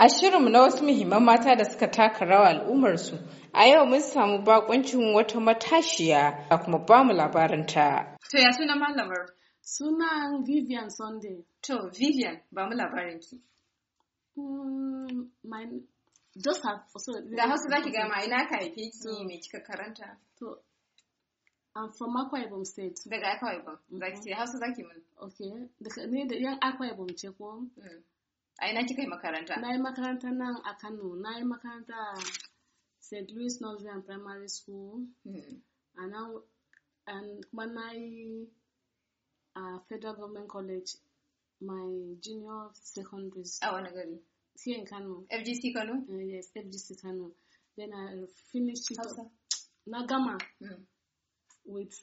A shirinmu na wasu muhimman mata da suka taka rawa al'ummarsu, a yau mun samu bakuncin wata matashiya a kuma ba mu labarinta. To ya suna malamar? Suna Vivian Sunday. To Vivian, ba mu labarin mm, Just have so Da Hausa zaki gama ina ka haife ki me kika karanta? To I'm from Akwa Ibom State. Daga Akwa Ibom. Zaki mm-hmm. ce Hausa zaki mun. Okay. Daga ne da yan Akwa Ibom ce ko? Mm. A ina kika yi makaranta? Na yi makaranta nan a Kano. Na yi makaranta a St. Louis Nursery Primary School. Hmm. A nan kuma na yi a Federal Government College my junior secondary school. A wani gari? Here in Kano. FGC Kano? Uh, yes, FGC Kano. Then I finished it. Na gama. Mm. With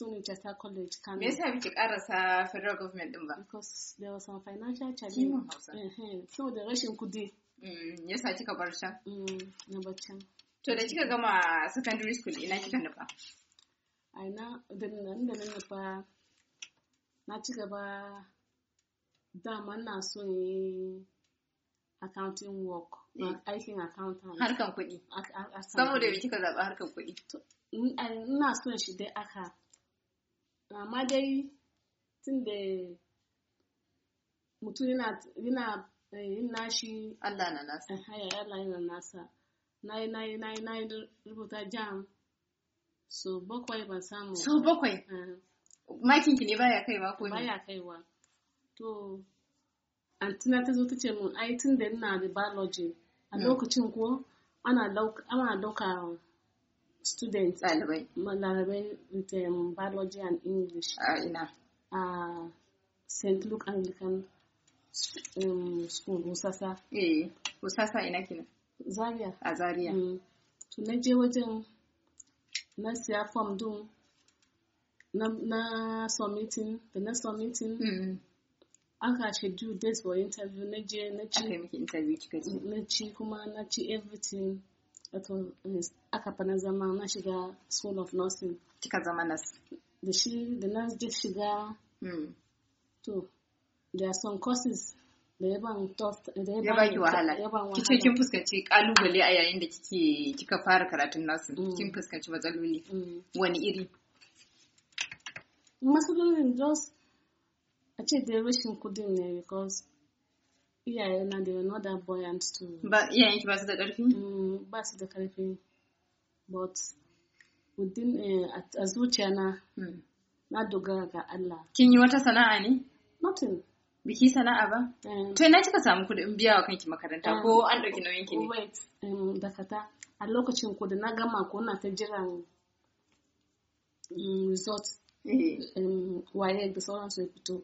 student ta college Kano. Me yasa biki karasa federal government din ba? Because there was some financial challenges. Eh, eh, so da rashin kudi. Mm, yasa kika bar can? Mm, na bar can. To da kika gama secondary school ina kika nufa? A ina da nan da nan nufa na ci gaba dama na so ne accounting work. Mm. Aikin accountant. Harkan kuɗi. Saboda kika zaɓa harkan kuɗi. Ina son shi dai aka na amma tin tun da mutum yana eh, yin nashi Allah na nasa haya eh, eh, Allah yana nasa na yi na yi na yi na yi rubuta jam so bakwai ban samu so bakwai makin ki ne baya kaiwa ko ne baya kaiwa to antina ta zo ta ce mun ai tun da ina da biology a hmm. lokacin ko ana dauka student ɗalibai ɗalibai um, biology and english a ah, ina a ah, st luke anglican um, school husasa eh usasa ina kina zaria a ah, zaria mm. to na je wajen na siya form din na na submitting da na submitting mm-hmm. aka schedule dates for interview na je na ci na ci kuma na ci everything wato eh, aka fa na zama na shiga school of nursing kika zama nas da shi da na je shiga hmm. to there are some courses da ya ban ya ki wahala kice kin fuskanci kalubale a yayin da kike kika fara karatun nasu hmm. kin fuskanci matsaloli hmm. wani iri matsalolin just a ce da rashin kudin ne because iyaye na da not that buoyant to ba iyayen ki ba su da karfi ba su da karfi but within eh, a zuciya hmm. na na dogara ga Allah kin yi wata sana'a ne nothing biki sana'a ba um, to ina kika samu kuɗin biya wa kanki makaranta ko um, an ɗauki nauyin ki ne oh, wait um, dakata a lokacin ko da na gama ko na ta jiran mm, results eh. waye da sauransu ya fito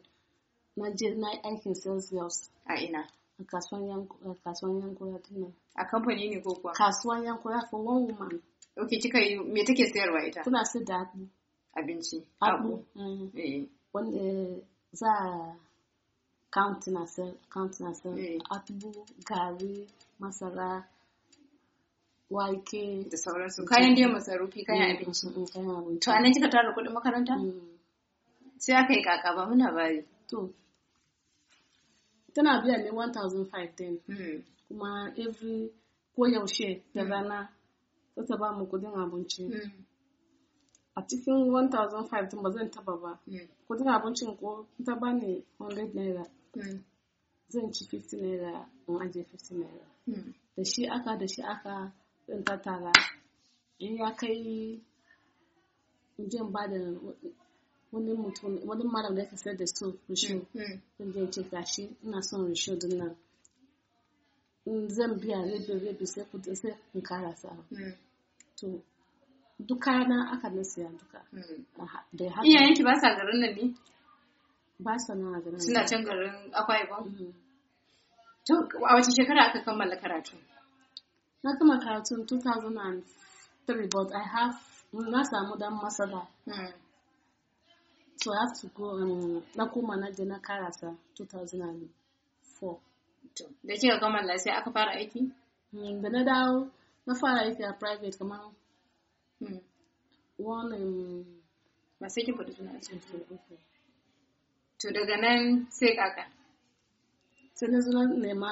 na je na yi aikin sales girls a ina kasuwan yankura kasuwan yankura dinnan a kamfani ne ko kuwa kasuwan yankura for one woman ok kika yi me take sayarwa ita tana sayar da abu abinci mm. haɗu eh. wanda za a na sayar count na sayar eh. Abu, gari masara wake da sauransu mm. kayan dai masarufi kayan mm, abinci to anan kika tara kuɗin makaranta sai aka yi kaka ba muna bari to tana biya ne 1,500 din hmm. kuma every ko yaushe da hmm. rana za ta ba mu kudin abinci hmm. a cikin 1,500 din ba zan taba ba kudin abincin ko ta ba ne 100 naira zan ci 50 naira in ajiye 50 naira da shi aka da shi aka zan tattara in ya kai in ba da wani mutum wani malam da ya sayar da su rishu din da ce gashi ina son rishu din nan zan biya rabi rabi sai kudi sai in kara sa to duka na aka na siya duka haka iyayenki ba sa garin nan ne ba sa nan a garin suna can garin akwai ba mm-hmm. to a wace shekara aka kammala karatu na kama karatu 2003 but i have na samu dan masala mm. so I have to go um, na koma na je na karasa 2004 da kika kammala sai aka fara aiki mm, da na dawo na fara aiki a private kamar wani hmm. ba sai kin faɗi suna to daga nan sai kaka sai na zo nema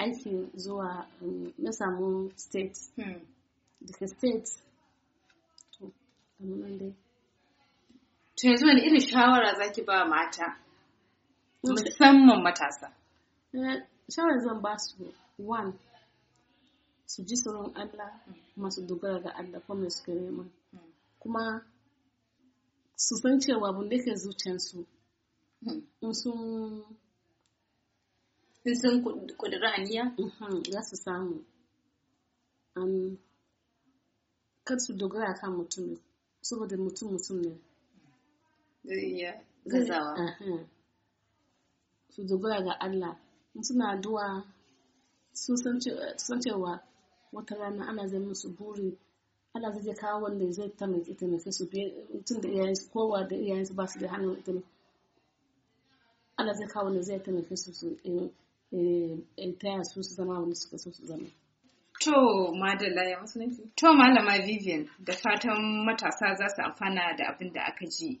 aiki zuwa um, na samu state hmm. daga state to amma dai To yanzu wani irin shawara zaki ba mata musamman matasa? Shawara zan ba su one su ji tsoron Allah kuma su dogara ga Allah ko mai suke nema kuma su san cewa abin da ke zuciyarsu in sun in sun kudura aniya mhm, za su samu kar su dogara kan mutum saboda mutum mutum ne zai iya gazawa eh, eh. su dogara ga Allah suna duwa sun san cewa wata rana ana zai musu buri ana zai kawo wanda zai taimake taimake su tun da iyayensu kowa da iyayensu ba su da hannun taimake ana zai kawo wanda zai taimake su su eh, taya su su zama wanda suka so su zama. To Madalla ya musulunci. To Malama Vivian da fatan matasa za su amfana da abin da aka ji